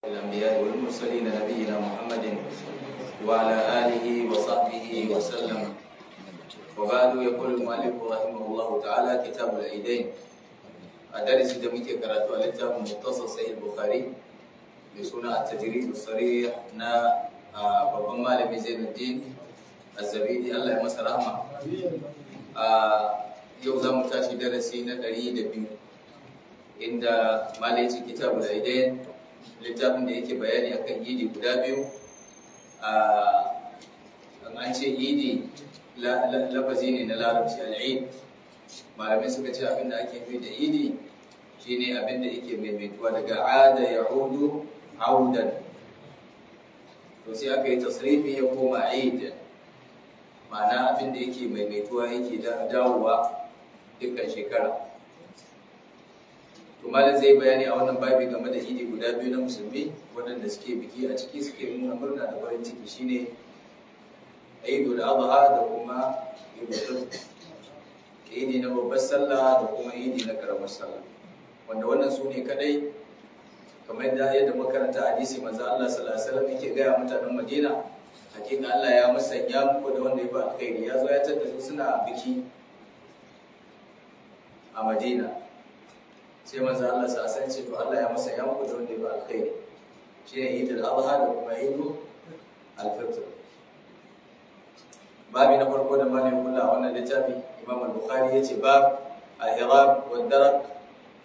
الأنبياء والمرسلين نبينا محمد وعلى آله وصحبه وسلم وبعد يقول المؤلف رحمه الله تعالى كتاب العيدين أدرس دميك كراتو لتاب مختصر صحيح البخاري بسنة التجريد الصريح نا بابا مالي زين الدين الزبيدي الله يمسى رحمه yau za mu tashi darasi na ɗari da biyu inda malaci kitabul aidain littafin da yake bayani akan idi guda biyu an ce idi lafazi ne na larabci al'id malamai suka ce abinda ake fi da idi shine abinda yake maimaituwa daga ada ya hudu audan to sai aka yi tasrifi ya koma aid ma'ana abinda yake maimaituwa yake dawowa dukkan shekara to zai bayani a wannan babi game da idi guda biyu na musulmi waɗanda suke biki a ciki suke nuna murna da farin ciki shine idul adha da kuma idul idi na babbar sallah da kuma idi na karamar sallah wanda wannan su ne kadai kamar yadda yadda makaranta hadisi manzo Allah sallallahu alaihi yake gaya mutanen Madina hakika Allah ya musanya muku da wanda ya ba alkhairi ya zo ya tada suna biki a Madina sai manzo Allah sa san ce to Allah ya masa 'yan muku da wanda ya ba alkhairi shine idul adha da kuma idul alfitr babi na farko da malamin kula wannan littafi Imam al-Bukhari yace bab al-hirab wa darak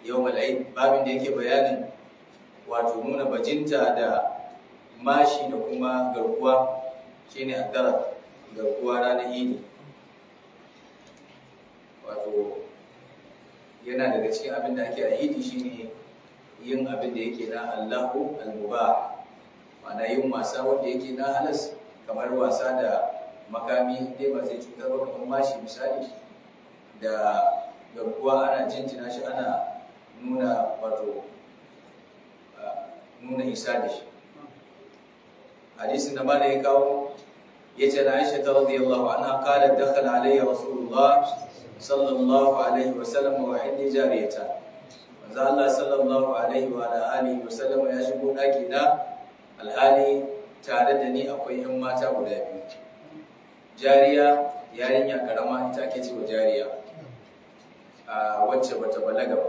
yawm al-eid babin da yake bayanin wato nuna bajinta da mashi da kuma garkuwa shine ad-darak garkuwa ranar idi yana daga cikin abin da ake shi shine yin abin da yake na allahu almuba ma'ana yin wasa wanda yake na halas kamar wasa da makami dai ba zai cutar ba kamar shi misali da garkuwa ana jintina shi ana nuna wato nuna isa da shi hadisin da bada ya kawo ya ce na aisha ta radiyallahu anha qalat dakhala alayya rasulullah sallallahu alaihi wa sallam wa inni jariyata manzo Allah sallallahu alaihi wa alihi wa sallam ya shigo daki na alhali tare da ni akwai yan mata guda biyu jariya yarinya karama ita ake cewa jariya a wacce bata balaga ba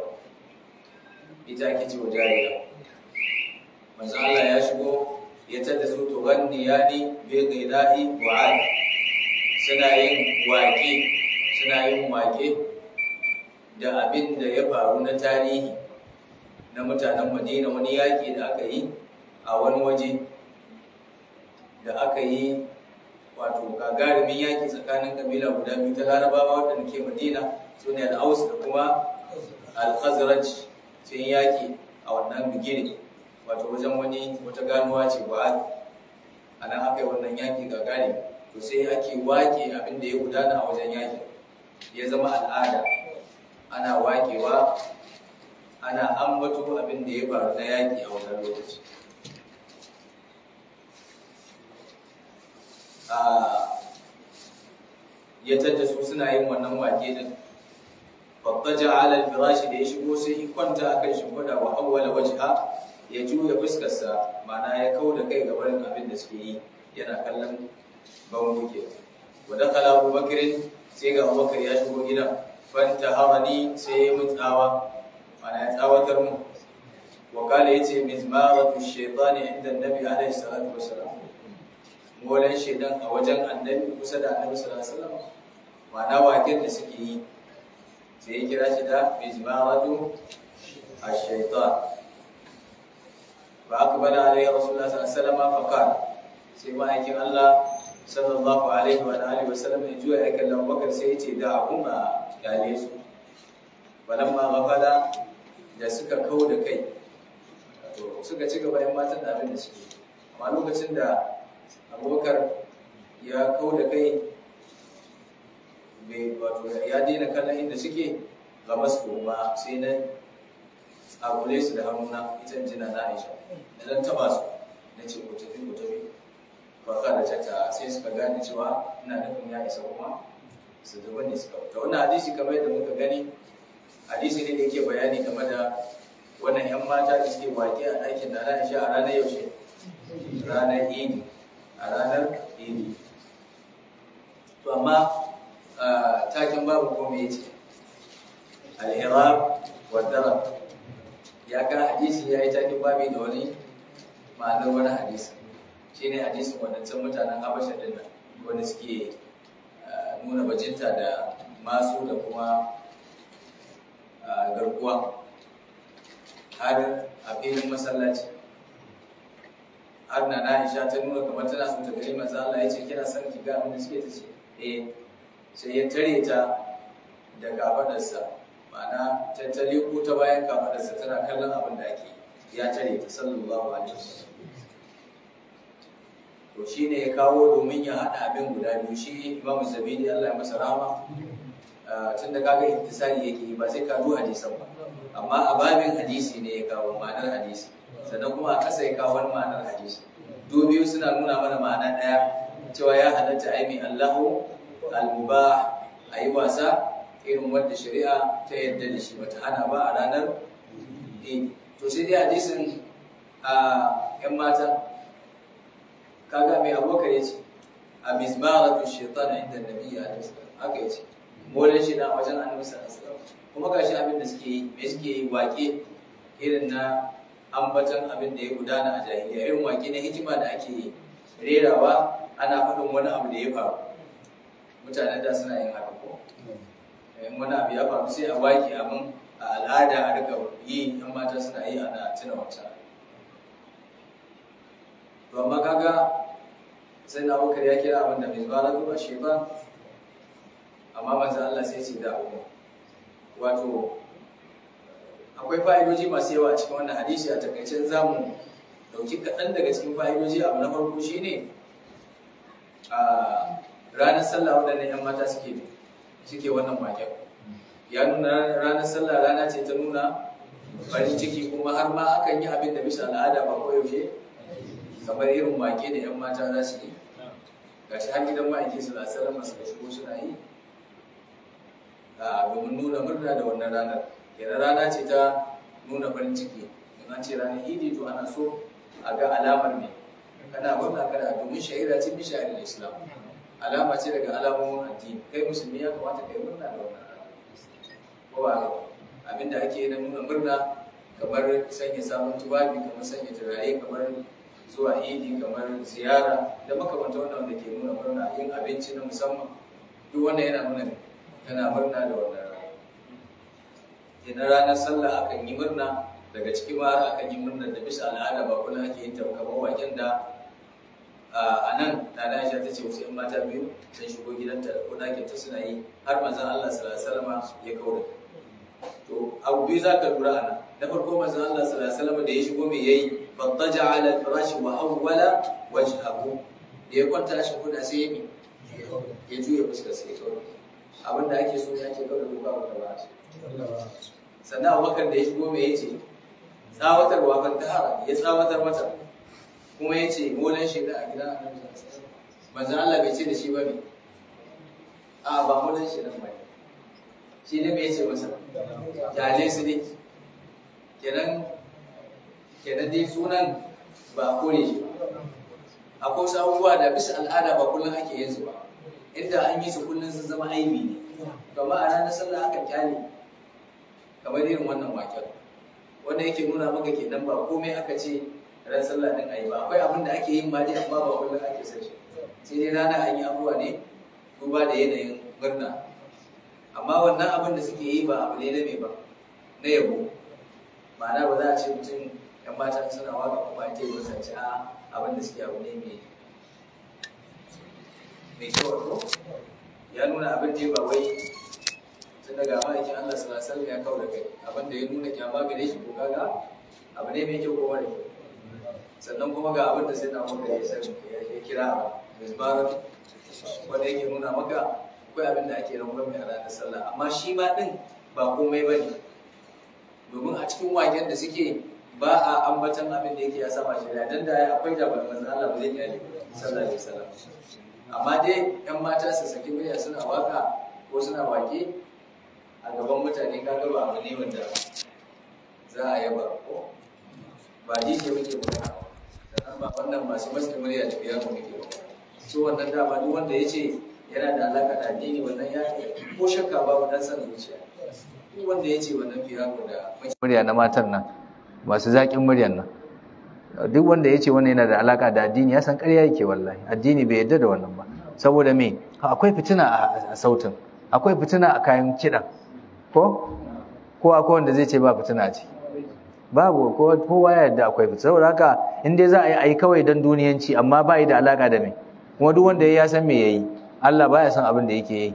ita ake cewa jariya manzo Allah ya shigo ya tada su to ganni yani bi qida'i wa suna yin waƙi suna yin wake da abin da ya faru na tarihi na mutanen madina wani yaƙi da aka yi a wani waje da aka yi wato gagarumin yaƙi tsakanin kabila guda biyu ta larabawa waɗanda ke madina su ne al'aus da kuma al-khazraj sun yaƙi a wannan bigire wato wajen wani wata ganuwa ce ba a nan aka yi wannan yaƙi gagari to sai ake waƙe abin da ya gudana a wajen yaƙi ya zama al'ada ana wakewa ana ambato abin da ya faru na yaƙi a wannan lokaci ya tadda su suna yin wannan wake din babba ja'alal firashi da ya shigo sai ya kwanta akan kwada wa awwala wajha ya juya fuskarsa mana ya kau da kai gaban abin da suke yi yana kallon ban ke wa dakala abubakar sai ga abubakar ya shigo gida fanta harani sai ya mun tsawa mana ya tsawatar mu Wakala ya ce mizmaratu shaitani inda annabi alaihi salatu salam molan shaidan a wajen annabi kusa da annabi sallallahu alaihi wasallam ma'ana waken da suke yi sai ya kira shi da mizmaratu ash-shaitan ba aka bada alaihi rasulullahi sallallahu alaihi wasallam fa sai ma'aikin Allah sallallahu alaihi wa alihi wa sallam ya juya ya kallon bakar sai ya ce da kuma kyale su balan ma mafada da suka kawo da kai suka ci gaba yan matan da abin da suke amma lokacin da abubakar ya kawo da kai bai wato ya daina kallon inda suke ga masu ma sai na tsagule su da hannuna ita jina na aisha na dan taba su na ce ku tafi ku tafi ba ka da cata sai suka gane cewa ina nufin ya isa kuma su zuba ne suka fita wannan hadisi kamar yadda muka gani hadisi ne da yake bayani game da wannan yan mata da suke waƙe a ɗakin da ana shi a ranar yaushe ranar idi a ranar idi to amma takin babu ko me yace al hirab wa darab ya ga hadisi ya yi takin babu da wani ma'anar wani hadisi ne hadisin wadancan mutanen habasha da wani wanda suke ah, nuna bajinta da masu da kuma ah, garkuwa har a filin masallaci har na na isha ta nuna kamar tana son ta gari manzo Allah ya ce kina son ki ga abin da suke ta ce eh sai ya tare ta da gabadarsa ma'ana tattali ko ta bayan gabadarsa tana kallon abin da ake ya tare ta sallallahu alaihi wasallam to shi ne ya kawo domin ya haɗa abin guda biyu shi imamu zabini allah ya masa rama tun da kaga intisari yake ba sai ka zo hadisan ba amma a babin hadisi ne ya kawo ma'anar hadisi sannan kuma a ƙasa ya kawo wani ma'anar hadisi duk biyu suna nuna mana ma'ana ɗaya cewa ya halatta a allahu almuba a yi wasa irin wadda shari'a ta yadda da shi bata hana ba a ranar to sai dai hadisin a 'yan mata kaga mai abubakar ya ce a mizmaratu shaitan inda nabi ya alisa haka ya ce molin shi na wajen annabi sallallahu alaihi wasallam kuma gashi abin da suke yi me suke yi wake irin na ambatan abin da ya gudana a jahiliya irin wake na hikima da ake yi rerawa ana faɗin wani abu da ya faru mutanen da suna yin haka ko in wani abu ya faru sai a waki abin a al'ada a rika yi yan mata suna yi ana tuna wata to amma kaga sai na abubakar ya kira abin da zuwa na duba shi ba amma manzo Allah sai ce da abu wato akwai fa'idoji masu yawa a cikin wannan hadisi a takaicin zamu dauki kaɗan daga cikin fa'idoji abu na farko ne a ranar sallah waɗannan 'yan mata suke suke wannan waken ya nuna ranar sallah rana ce ta nuna farin ciki kuma har ma akan yi abin da bisa al'ada ba koyaushe kamar irin wake da 'yan mata za su yi ga shi har gidan ma'aikin su lasar masu suka shigo suna yi domin nuna murna da wannan ranar yana rana ce ta nuna farin ciki yana ce ranar idi to ana so a ga alamar ne kana murna kana domin shahira ce min da islam alama ce daga alamomin addini kai musulmi ya kamata kai murna da wannan ranar ko ba abinda ake na nuna murna kamar sanya samun tubabi kamar sanya turare kamar zuwa idi kamar ziyara da makamanta wannan wanda ke nuna murna yin abinci na musamman duk wannan yana nuna tana murna da wannan rana idan ranar sallah akan yi murna daga ciki ma akan yi murna da bisa al'ada ba kullum ake yin tabbabar waken da a nan na aisha ta ce wasu yan mata biyu sun shigo gidanta ko ta suna yi har manzan allah sallallahu alaihi ya kaura to abu biyu za ka lura a nan na farko manzan allah sallallahu alaihi da ya shigo mai yayi فاضطجع على الفراش وأول وجهه da ya kwanta shi kuna sai ya mi ya juya fuskar sai kawai abin da ake so ya ce kawai ko ba wanda ba sannan abubakar da ya shigo mai ya ce tsawatarwa kan tahara ya tsawatar mata kuma ya ce molan shaida a gidan annabi manzo Allah bai ce da shi ba ne a ba molan shaida ba shi ne bai ce masa jale su ne kenan kenan dai sunan ba kore shi akwai sabuwa da bisa al'ada ba kullum ake yin su ba inda an yi su kullum sun zama aibi ne to ma ana da sallah aka kyale kamar irin wannan waken wanda yake nuna maka kenan ba komai aka ce ran sallah din ayi ba akwai abin da ake yin ma dai amma ba kullum ake sa shi sai dai rana an yi abuwa ne duba da yanayin murna amma wannan abin da suke yi ba abu ne na mai ba na yabo ma'ana ba za a ce mutum yan matan suna waka kuma ake kusance a ah, abin da suke abu ne mai mai kyau ya nuna abin da ba wai tun ga ma'aikin Allah sallallahu alaihi wasallam ya kawo da kai abin da ya nuna kyama gare shi ko kaga abu ne mai kyau ko wani sannan kuma ga abin da sai na maka ya san ya kira misbarat wanda yake nuna maka akwai abin da ake rangon mai ranar sallah amma shi ma din ba komai ba ne. domin a cikin waken da suke ba a ambatan abin da yake ya sama shirya dan da akwai jabar manzon Allah ba zai iya ne sallallahu alaihi wasallam amma dai yan mata su saki murya suna waka ko suna wake a gaban mutane ka ga gaba abu ne wanda za a yaba ko ba ji dije muke Da sannan ba wannan masu masu murya ta ya mu muke so wannan dama duk wanda ya ce yana da alaƙa da addini wannan ya ko shakka babu dan sanin zuciya duk wanda ya ce wannan fiya mu da murya na matan nan masu zaƙin muryar nan duk wanda ya ce wannan yana da alaƙa da addini ya san ƙarya yake wallahi addini bai yarda da wannan ba saboda me akwai fitina a sautin akwai fitina a kayan kiɗan ko ko akwai wanda zai ce ba fitina ce. babu ko kowa ya akwai fitina saboda haka in dai za a yi ai kawai don duniyanci amma ba yi da alaƙa da me kuma duk wanda ya san me yi. Allah baya san abin da yake yi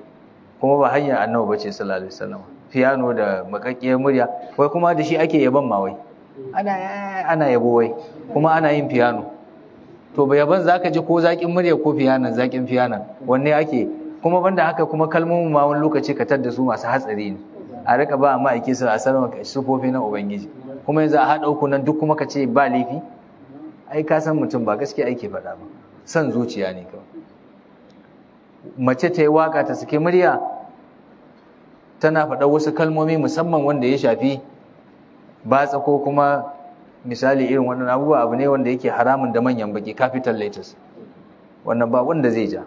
kuma ba hanyar annabi bace sallallahu alaihi wasallam fiyano da makakkiyar murya wai kuma da shi ake yaban ma wai ana ana yabo wai kuma ana yin fiyano to ba yaban zaka ji ko zakin murya ko piano zakin piano wanne ake kuma banda haka kuma kalmomin ma wani lokaci ka tadda su masu hatsari ne a rika ba amma ake su a sarwa sufofi na ubangiji kuma yanzu a haɗa uku nan duk kuma ka ce ba laifi ai ka san mutum ba gaskiya ake faɗa ba san zuciya ne kawai mace ta yi waka ta suke murya tana faɗa wasu kalmomi musamman wanda ya shafi batsa ko kuma misali irin wannan abubuwa abu ne wanda yake haramun da manyan baki capital letters wannan ba wanda zai ja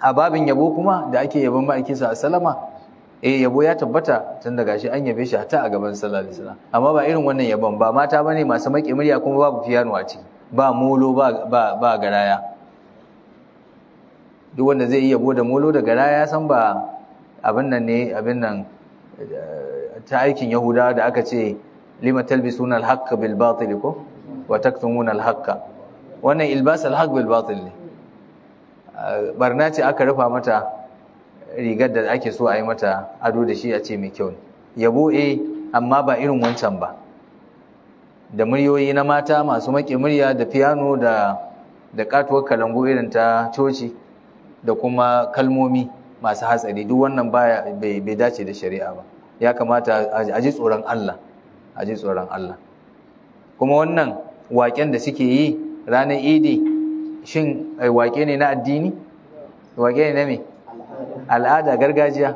a babin yabo kuma da ake yabon ma'aikinsa a salama eh yabo ya tabbata tun daga shi an yabe shi ta a gaban sallallahu alaihi wasallam amma ba irin wannan yabon ba mata bane masu maƙi murya kuma babu fiyano a ciki ba molo ba ba ba garaya duk wanda zai yi yabo da molo da garaya san ba abin nan ne abin nan eh, ta aikin Yahuda da aka ce lima talbisuna al-haqqa bil batil ko wa taktumuna al-haqqa wannan ilbas al-haqq bil batil ne ah, barna ce aka rufa mata rigar da ake so a yi mata ado da shi a ce mai kyau ne yabo eh amma ba irin wancan ba da muryoyi na mata masu maƙe murya da piano da da katuwar kalangu irin ta coci da kuma kalmomi masu hatsari duk wannan baya bai dace da shari'a ba ya kamata a ji tsoron Allah a ji tsoron Allah kuma wannan waƙen da suke yi ranar idi shin eh, waƙe ne na addini waƙe ne na me al'ada gargajiya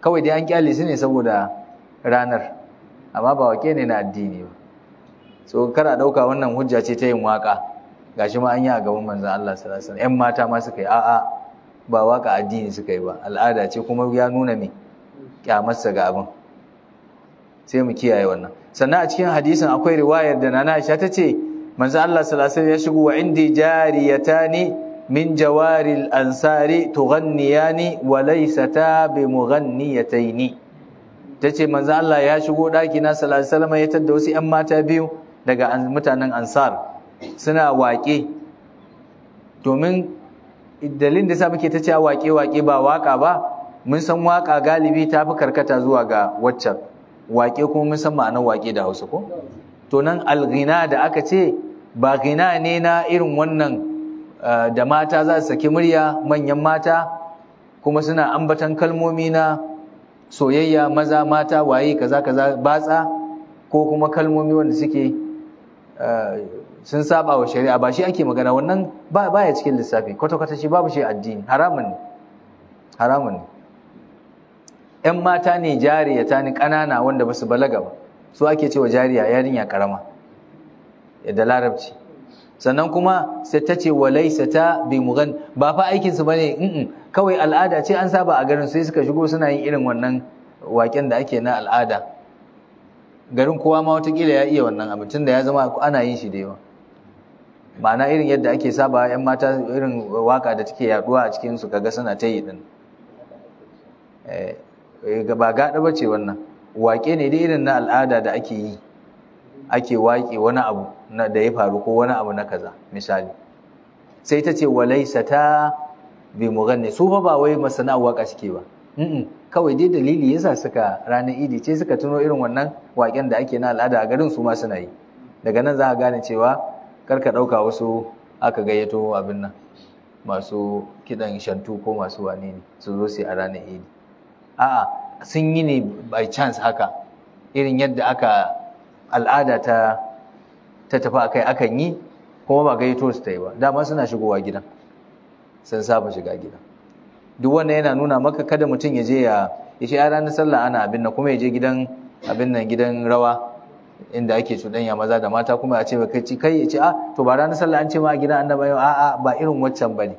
kawai dai an kyale su ne saboda ranar amma ba waƙe ne na addini ba so kara ɗauka wannan hujja ce ta yin waƙa gashi ma an yi a gaban manzon Allah sallallahu alaihi mata ma suka yi a'a ba waƙa addini suka yi ba al'ada ce kuma ya nuna me kyamarsa ga abin sai mu kiyaye wannan sannan a cikin hadisin akwai riwayar da nana Aisha tace manzo Allah sallallahu alaihi wasallam ya shigo wa indi jariyatani min jawaril ansari tughanniyani wa laysata bi mughanniyataini tace manzo Allah ya shigo daki na sallallahu alaihi wasallam ya tada wasu 'yan mata biyu daga mutanen ansar suna waƙe domin dalilin da sa muke ta cewa waƙe waƙe ba waka ba mun san waƙa galibi ta fi karkata zuwa ga waccan waƙe kuma mun san ma'anar wake da hausa ko to nan alghina da aka ce ba ghina ne na irin wannan da mata za su saki murya manyan mata kuma suna ambatan kalmomi na soyayya maza mata waye kaza kaza batsa ko kuma kalmomi wanda suke sun saba wa shari'a ba shi ake magana wannan ba ya cikin lissafi kwata-kwata shi babu shi addini haramun ne haramun ne 'yan mata ne jariya ta ni ƙanana wanda ba su balaga ba su ake wa jariya yarinya ƙarama da larabci sannan kuma sai ta ce walaisa ta bi mugan ba fa aikinsu ba ne kawai al'ada ce an saba a garin sai suka shigo suna yin irin wannan waken da ake na al'ada garin kowa ma watakila ya iya wannan abin tun da ya zama ana yin shi da yawa ma'ana irin yadda ake saba 'yan mata irin waka da take yaduwa a cikinsu ga suna ta yi din eh. Eh, ba gaɗa ba ce wannan waƙe ne dai irin na al'ada da ake yi ake waƙe wani abu da ya faru ko wani abu na kaza misali sai ta ce walaisa ta bai muganne. su fa ba wai masana waƙa suke ba kawai dai dalili yasa suka ranar idi ce suka tuno irin wannan waƙen da ake na al'ada a garin su ma suna yi daga nan za a gane cewa karka ɗauka wasu aka gayyato abin nan masu kiɗan shantu ko masu wane ne su zo su yi a ranar idi a sun yi ne by chance haka irin yadda aka al'ada ta ta tafi akai akan yi kuma ba gayyato su ta yi ba dama suna shigowa gidan sun saba shiga gidan duk wannan yana nuna maka kada mutum ya je ya ya ce ranar sallah ana abin nan kuma ya je gidan abin nan gidan rawa inda ake cuɗanya maza da mata kuma a ce kai kai ya ce a ah, to ba ranar sallah an ce ma a gidan annabawa a'a ba irin waccan bane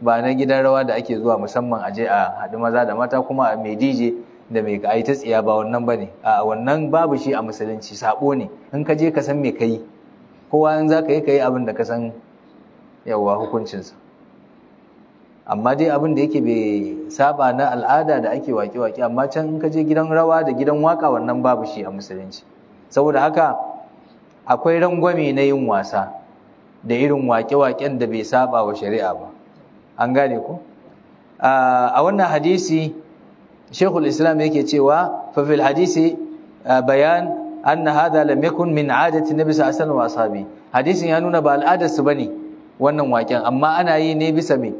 ba na gidan rawa da ake zuwa musamman aje a haɗu maza da mata kuma a mai dije da mai ayi ta tsiya ba wannan ba ne. a wannan babu shi a musulunci sabo ne in ka je ka san me kai kowa in za ka yi ka yi abin da ka san yawwa hukuncinsa amma dai abin da yake bai saba na al'ada da ake waƙe-waƙe amma can in ka je gidan rawa da gidan waƙa wannan babu shi a musulunci saboda haka akwai rangwame na yin wasa da irin waƙe-waƙen da bai saba wa shari'a ba an gane ku a wannan hadisi shekul islam yake cewa fafil hadisi bayan na hada lam yakun min adati nabi sallallahu alaihi wasallam ashabi hadisin ya nuna ba al'adar su bane wannan waken amma ana yi ne bisa me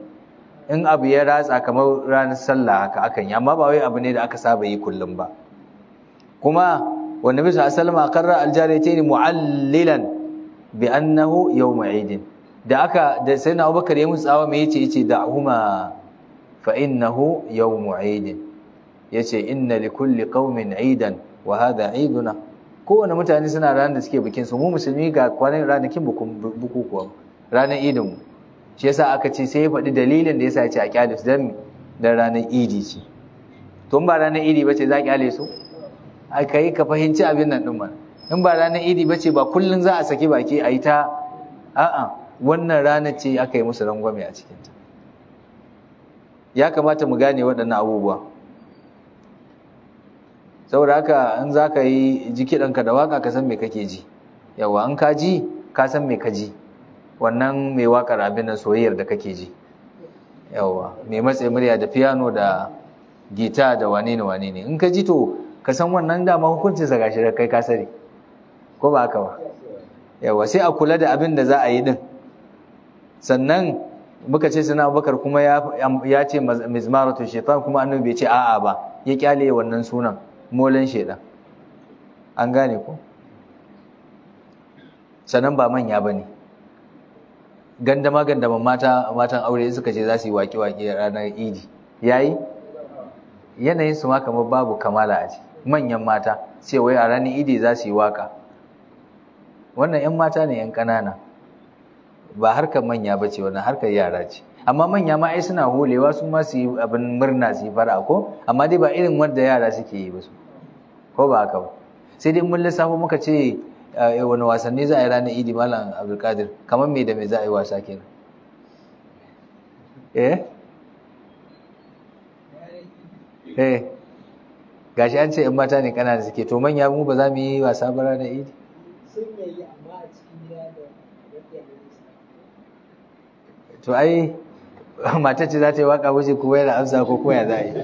in abu ya ratsa kamar ranar sallah haka akan yi amma ba wai abu ne da aka saba yi kullum ba kuma wa nabi sallallahu alaihi wasallam qarra al mu'allilan bi annahu yau maidin da aka da sayyidina Abubakar ya musu tsawa me yace yace huma fa innahu yawm eid yace inna likulli qaumin 'idan wa hadha 'iduna kowane mutane suna ranar da suke bikin su mu musulmi ga kwanan ranakin bukukuwa ranar idin mu shi yasa aka ce sai ya faɗi dalilin da yasa ya ce a kyale dan dan ranar idi ce to in ba ranar idi bace za a kyale su kai ka fahimci abin nan din ma in ba ranar idi bace ba kullun za a saki baki a yi ta a'a wannan rana ce aka yi musu rangwame a cikinta ya kamata mu gane waɗannan abubuwa saboda haka in za ka yi ji kiɗanka da waƙa ka san me kake ji yawa in ka ji ka san me ka ji wannan mai waƙar abin da soyayyar da kake ji yawa mai matse murya da fiyano da gita da wane ne wane ne in ka ji to ka san wannan dama hukuncin sa gashi kai ka sani ko ba haka ba yawa sai a kula da abin da za a yi din sannan muka ce suna abubakar kuma ya ce mizmaratu shaitan kuma annabi bai ce a'a ba ya kyale wannan sunan molan shaitan an gane ko sannan ba manya ba ne gandama gandaman mata matan aure suka ce za su yi waƙe-waƙe ranar idi yayi yanayin su ma kamar babu kamala a ce manyan mata sai wai a ranar idi za su yi waka wannan 'yan mata ne 'yan ƙanana ba harkar manya ba ce wannan harkar yara ce amma manya ma ai suna holewa su ma su yi abin murna su yi fara ko amma dai ba irin wanda yara suke yi ba su ko ba haka ba sai dai mun lissafo muka ce eh, wani wasanni za a yi ranar idi malam abdulkadir kamar me da me za a yi wasa kenan eh eh gashi an ce 'yan mata ne kanana suke to manya mu ba za mu yi wasa ba ranar idi sun yi to ai mata ce za ta yi waka wuce kuma yana amsa ko koya za a yi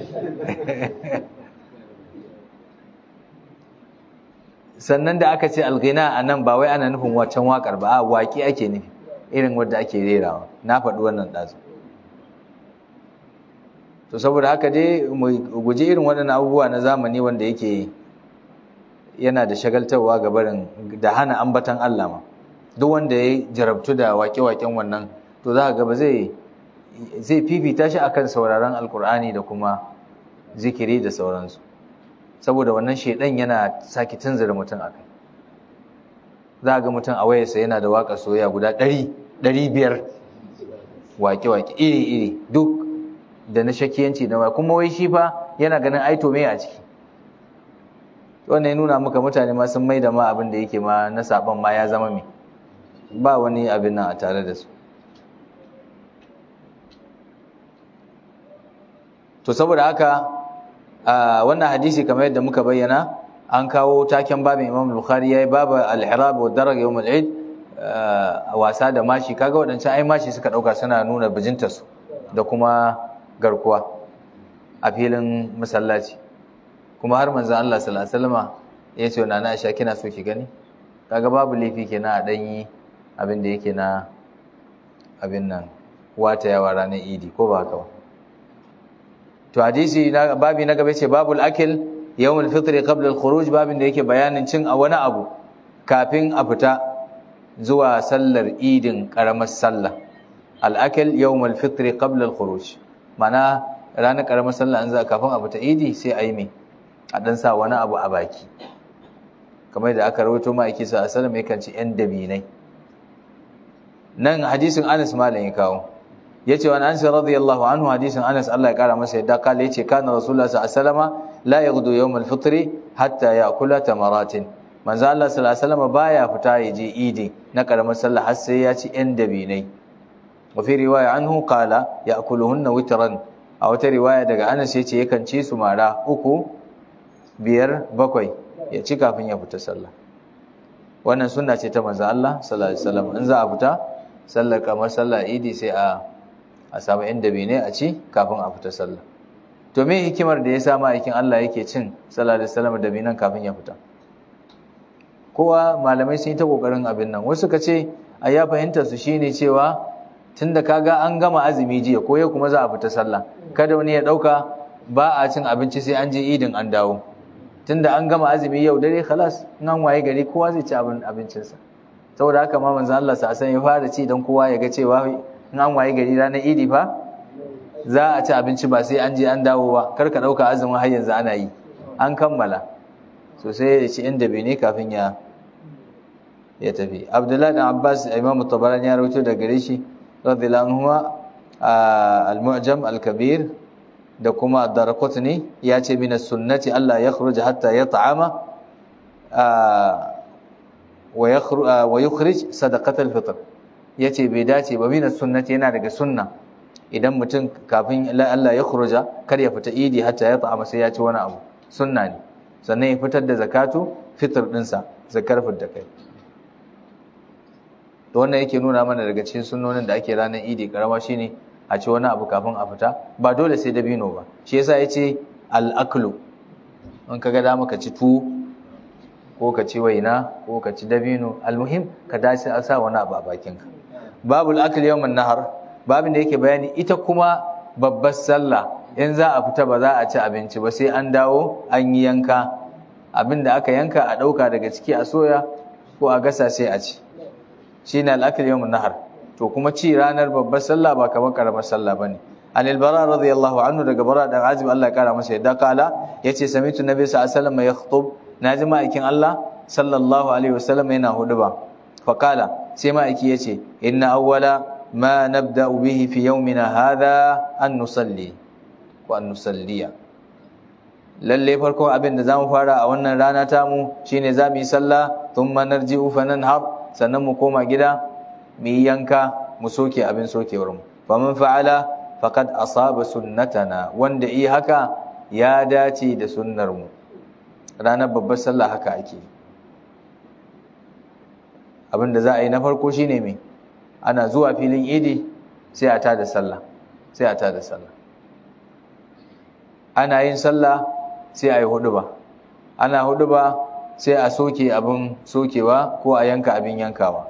sannan da aka ce alghina a nan ba wai ana nufin wacan wakar ba a waƙi ake nufi irin wadda ake rerawa na faɗi wannan ɗazu to saboda haka dai mu guji irin waɗannan abubuwa na zamani wanda yake yana da shagaltarwa ga barin da hana ambatan Allah ma duk wanda ya jarabtu da waƙe-waƙen wannan to za ga gaba zai fifita shi kan sauraron alkur'ani da kuma zikiri da sauransu saboda wannan shaidan yana sake tunzura mutum a kai. za a ga mutum a wayarsa yana da waka soya guda ɗari 500 wake-wake iri-iri duk da na shakiyanci da wa kuma wai shi fa yana ganin aito mai a ciki wannan ya nuna muka mutane ma sun mai da ma abin da yake ma na saban ma ya zama mai. ba wani abin nan a tare da su to saboda haka wannan hadisi kamar yadda muka bayyana an kawo taken babin Imam Bukhari yayi babu al ihrab wa darag yawm al-eid wasa da mashi kaga wadancan ai mashi suka dauka suna nuna bijinta su da kuma garkuwa a filin masallaci kuma har manzo Allah sallallahu alaihi wasallama yace wa nana Aisha kina so ki gani kaga babu laifi na a danyi abin da yake na abin nan wata yawa ranar idi ko ba haka ba to hadisi na babi na gaba yace babul akil yawmul fitri qabla al-khuruj babin da yake bayanin cin a wani abu kafin a fita zuwa sallar idin karamar sallah al-akil yawmul fitri qabla al-khuruj mana ranar karamar sallah an za kafin a fita idi sai a yi me a dan sa wani abu a baki kamar da aka rawaito ma yake sa sallam yakan ci yan dabinai nan hadisin Anas malam ya kawo yace wani ansa radiyallahu anhu hadisin Anas Allah ya kara masa yadda kala yace kana rasulullahi sallallahu alaihi wasallam la yaghdu yawm al-fitr hatta ya'kula tamaratin manzo Allah sallallahu alaihi wasallam baya fita ya je idi na karamar sallah har sai ya ci yan dabinai wa fi riwaya anhu qala ya'kuluhunna witran a wata riwaya daga Anas yace yakan ci su mara uku biyar bakwai ya ci kafin ya fita sallah wannan sunna ce ta manzo Allah sallallahu alaihi wasallam in za a fita sallar kamar sallar idi sai a a samu yan dabine a ci kafin a fita sallah to me hikimar da ya sa ma'aikin Allah yake cin sallallahu alaihi wasallam dabinan kafin ya fita kowa malamai sun yi ta kokarin abin nan wasu ka ce a ya fahimta su shine cewa tunda kaga an gama azumi jiya ko yau kuma za a fita sallah kada wani ya dauka ba a cin abinci sai an je idin an dawo tunda an gama azumi yau dare khalas nan waye gari kowa zai ci abincinsa saboda haka ma manzo Allah sa san ya fara ci dan kowa ya ga cewa in an waye gari ranar idi fa za a ci abinci ba sai an je an dawo ba kar ka ɗauka azumin har yanzu ana yi an kammala sosai ya ci inda ne kafin ya ya tafi abdullahi dan abbas imamu tabaran ya rawaito da gare shi radiyallahu anhu al-mu'jam al-kabir da kuma ne ya ce mina sunnati Allah ya khruja hatta ya ta'ama wa yukhrij al fitr ya ce bai dace ba minas sunnati yana daga sunna idan mutum kafin Allah ya kuruja kar ya fita idi hatta ya fa'a sai ya ci wani abu sunna ne sannan ya fitar da zakatu fitar sa, zakar da kai to wannan yake nuna mana daga cikin sunnonin da ake ranar idi karama shine a ci wani abu kafin a fita ba dole sai dabino ba shi yasa yace al-aklu in kaga dama maka ci tuwo ko ka ci waina ko ka ci dabino almuhim ka dace a sa wani abu a bakinka Babu akal yawmin nahar babu ne yake bayani ita kuma babbar sallah in za a fita ba za a ci abinci ba sai an dawo an yi yanka abin da aka yanka a ɗauka daga ciki a soya ko a gasa sai a ci shi ne al'akal yawmin nahar to kuma ci ranar babbar sallah ba kamar karamar sallah ba ne an albara radiyallahu anhu daga bara dan azib Allah ya kara masa yadda kala yace samitu nabi sallallahu alaihi wasallam ya khutub ma'aikin Allah sallallahu alaihi wasallam yana huduba faƙala sai ma'aiki ya ce inna awwala ma nabda bihi fi yawmina hadha an nusalli wa an nusalliya lalle farko abin da zamu fara a wannan rana ta mu shine zamu yi sallah thumma narji'u fa nanhar sannan mu koma gida mu yanka mu soke abin sokewar mu faman fa'ala faqad asaba sunnatana wanda yi haka ya dace da sunnar mu ranar babbar sallah haka ake yi abin da za a yi na farko shi ne mai ana zuwa filin idi sai a tada sallah sai a tada sallah ana yin sallah sai a yi huduba ana huduba sai a soke abin sokewa ko a yanka abin yankawa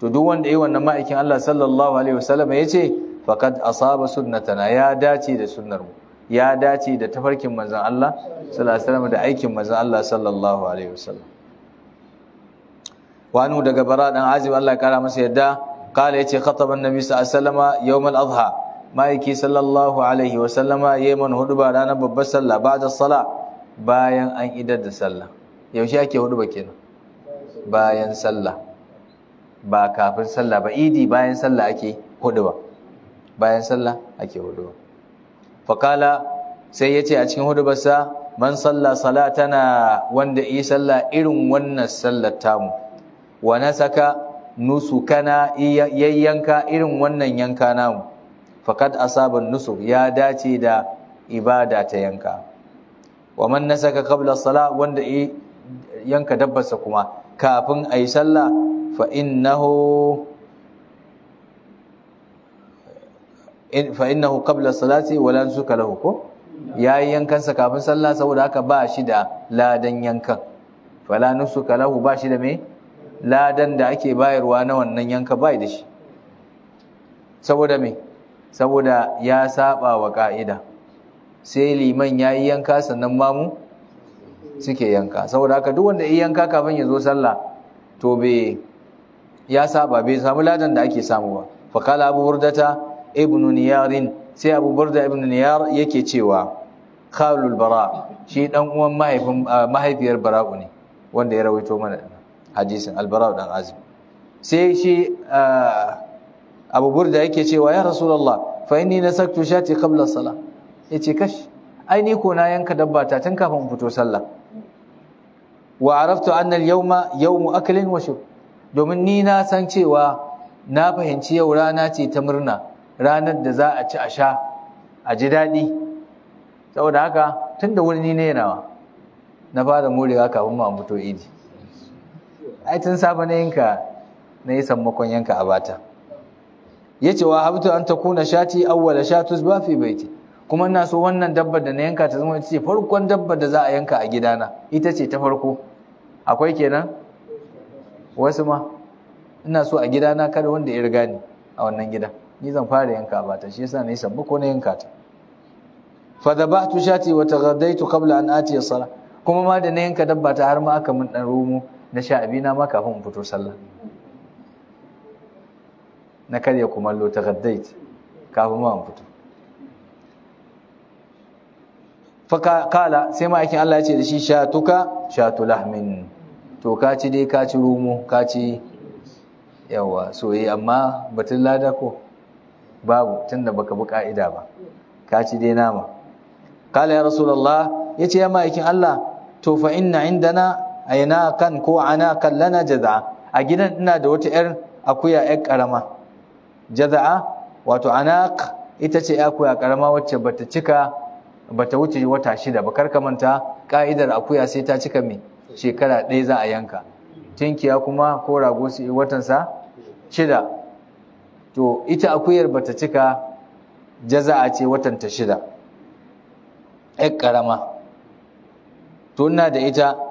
to duk wanda yi wannan ma'aikin Allah sallallahu alaihi wasallam ya ce faqad asaba sunnatana ya dace da sunnar mu ya dace da tafarkin manzon Allah sallallahu alaihi wasallam da aikin manzon Allah sallallahu alaihi wasallam wani daga bara dan azib Allah ya kara masa yadda kala yace khataban nabi sallallahu alaihi wasallama yawmal adha ma'aiki sallallahu alaihi wasallama yaman huduba ranar babbar sallah ba'da sala bayan an idar da sallah yaushe ake huduba kenan bayan sallah ba kafin sallah ba idi bayan sallah ake huduba bayan sallah ake huduba fakala sai yace a cikin hudubarsa man salla salatana wanda yi sallah irin wannan sallar tamu wa nasaka nusukana yayyanka irin wannan yanka namu faqad asaba nusuk ya dace da ibada ta yanka wa man nasaka qabla salah wanda yanka dabbarsa kuma kafin ayi sallah fa innahu fa innahu qabla salati wala nusuka lahu ko yayi yankansa kafin sallah saboda haka ba shi da ladan yankan fala nusuka lahu ba shi da me ladan da ake bayarwa na wannan yanka bai da shi saboda me saboda ya saba wa ka'ida sai liman yayi yanka sannan mamu suke yanka saboda haka duk wanda yayi yanka kafin ya zo sallah to be ya saba bai samu ladan da ake samu ba fa kala abu burdata ibnu niyarin sai abu burda ibnu niyar yake cewa khalul bara shi dan uwan mahaifin ah, mahaifiyar bara'u ne wanda ya rawaito mana hadisin albara dan azim sai shi ah, abubur da yake cewa ya rasulullah fa inni nasaktu shati qabla salah yace kash ai ni ko na yanka dabba ta tun kafin fito sallah wa araftu anna al-yawma yawmu aklin wa shurb domin ni na san cewa na fahimci yau rana ce ta murna ranar da za a ci a sha a ji daɗi saboda haka tun da wani ne yanawa na fara morewa kafin ma fito idi ai tun saba na yanka na yi sammakon yanka a bata ya ce wa habtu an ta kuna shati awwala shatus ba fi baiti kuma ina so wannan dabbar da na yanka ta zama ce farkon dabbar da za a yanka a gidana ita ce ta farko akwai kenan wasu ma ina so a gidana kada wanda ya riga ni a wannan gida ni zan fara yanka a bata shi yasa na yi sammako na yanka ta fa dhabahtu shati wa taghaddaytu qabla an ati as kuma ma da na yanka dabba ta har ma aka min dan rumu na sha abina ma kafin in fito sallah na karya kumallo ta gaddait kafin ma in kala sai ma'aikin Allah ya ce da shi shatuka shatu lahmin to ka ci dai ka ci rumu ka ci yawa soye amma batun lada ko babu tunda baka bi ka'ida ba ka ci dai nama kala ya rasulullah yace ya ma'aikin Allah to fa inna indana aina kan ko ana kan lana jaza'a a gidan ina da wata yar akuya yar karama jaza'a wato anaq ita ce akuya karama wacce bata cika bata wuce wata shida ba karka manta ka'idar akuya sai ta cika me shekara ɗaya za a yanka tinkiya kuma ko rago sai watansa shida to ita akuyar bata cika jaza'a ce watanta shida yar karama to ina da ita